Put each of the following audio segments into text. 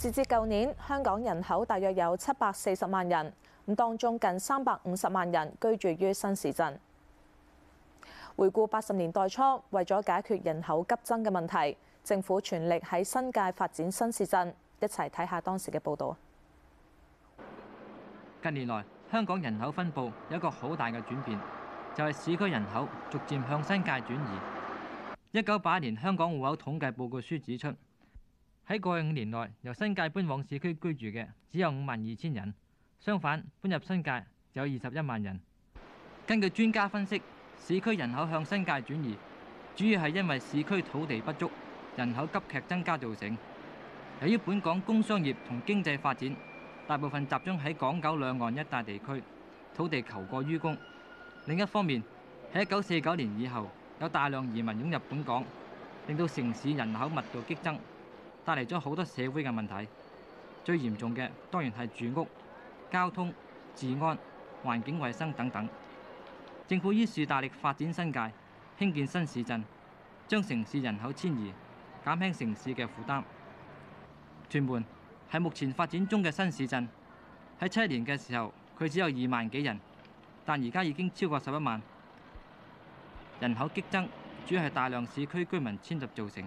截至舊年，香港人口大約有七百四十萬人，咁當中近三百五十萬人居住於新市鎮。回顧八十年代初，為咗解決人口急增嘅問題，政府全力喺新界發展新市鎮。一齊睇下當時嘅報道。近年來，香港人口分布有一個好大嘅轉變，就係、是、市區人口逐漸向新界轉移。一九八一年香港戶口統計報告書指出。喺過去五年內，由新界搬往市區居住嘅只有五萬二千人，相反搬入新界就有二十一萬人。根據專家分析，市區人口向新界轉移，主要係因為市區土地不足、人口急劇增加造成。由於本港工商業同經濟發展大部分集中喺港九兩岸一帶地區，土地求過於供。另一方面，喺一九四九年以後，有大量移民湧入本港，令到城市人口密度激增。帶嚟咗好多社會嘅問題，最嚴重嘅當然係住屋、交通、治安、環境衛生等等。政府於是大力發展新界，興建新市鎮，將城市人口遷移，減輕城市嘅負擔。屯門係目前發展中嘅新市鎮，喺七年嘅時候佢只有二萬幾人，但而家已經超過十一萬，人口激增主要係大量市區居民遷入造成。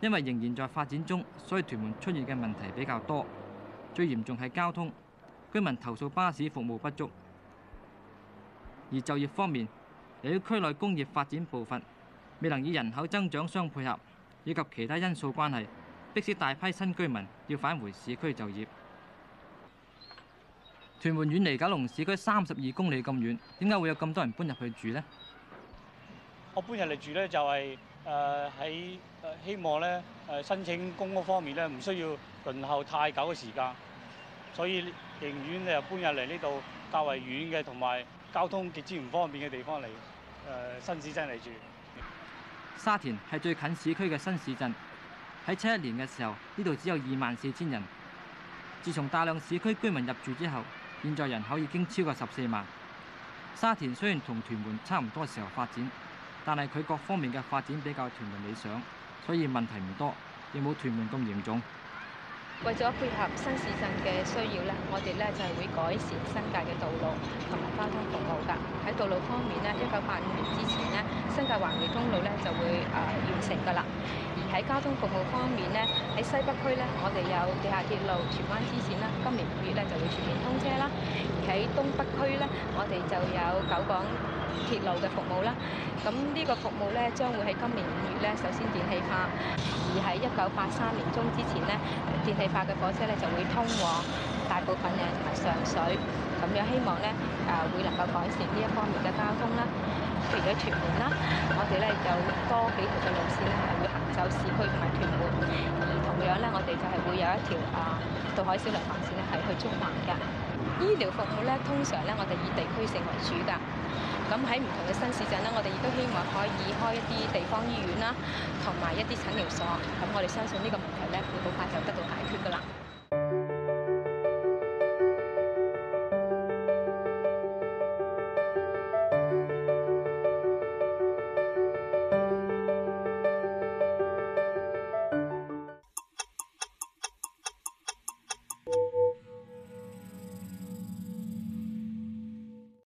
因為仍然在發展中，所以屯門出現嘅問題比較多。最嚴重係交通，居民投訴巴士服務不足。而就業方面，由於區內工業發展步伐未能以人口增長相配合，以及其他因素關係，迫使大批新居民要返回市區就業。屯門遠離九龍市區三十二公里咁遠，點解會有咁多人搬入去住呢？我搬入嚟住咧，就係誒喺希望咧誒申請公屋方面咧，唔需要輪候太久嘅時間，所以寧願你又搬入嚟呢度較為遠嘅同埋交通極之唔方便嘅地方嚟誒新市鎮嚟住。沙田係最近市區嘅新市鎮。喺七一年嘅時候，呢度只有二萬四千人。自從大量市區居民入住之後，現在人口已經超過十四萬。沙田雖然同屯門差唔多時候發展。但係佢各方面嘅發展比較屯門理想，所以問題唔多，亦冇屯門咁嚴重。為咗配合新市鎮嘅需要咧，我哋咧就係會改善新界嘅道路同埋交通服務噶。喺道路方面咧，一九八五年之前咧，新界環迴公路咧就會誒完成噶啦。而喺交通服務方面咧，喺西北區咧，我哋有地下鐵路荃灣支線啦，今年五月咧就會全面通車啦。而喺東北區咧，我哋就有九廣鐵路嘅服務啦。咁呢個服務咧，將會喺今年五月咧，首先電氣化。而喺一九八三年中之前咧，電氣化嘅火車咧就會通往大部分嘅同埋上水，咁樣希望咧誒、呃、會能夠改善呢一方面嘅交通啦，除咗屯門啦，我哋咧有多幾條嘅路線咧係會行走市區同埋屯門，而同樣咧我哋就係會有一條誒、啊、渡海小輪航線咧係去中環嘅。醫療服務咧，通常咧，我哋以地區性為主㗎。咁喺唔同嘅新市鎮咧，我哋亦都希望可以開一啲地方醫院啦，同埋一啲診療所。咁我哋相信呢個問題咧，會好快就得到解決㗎啦。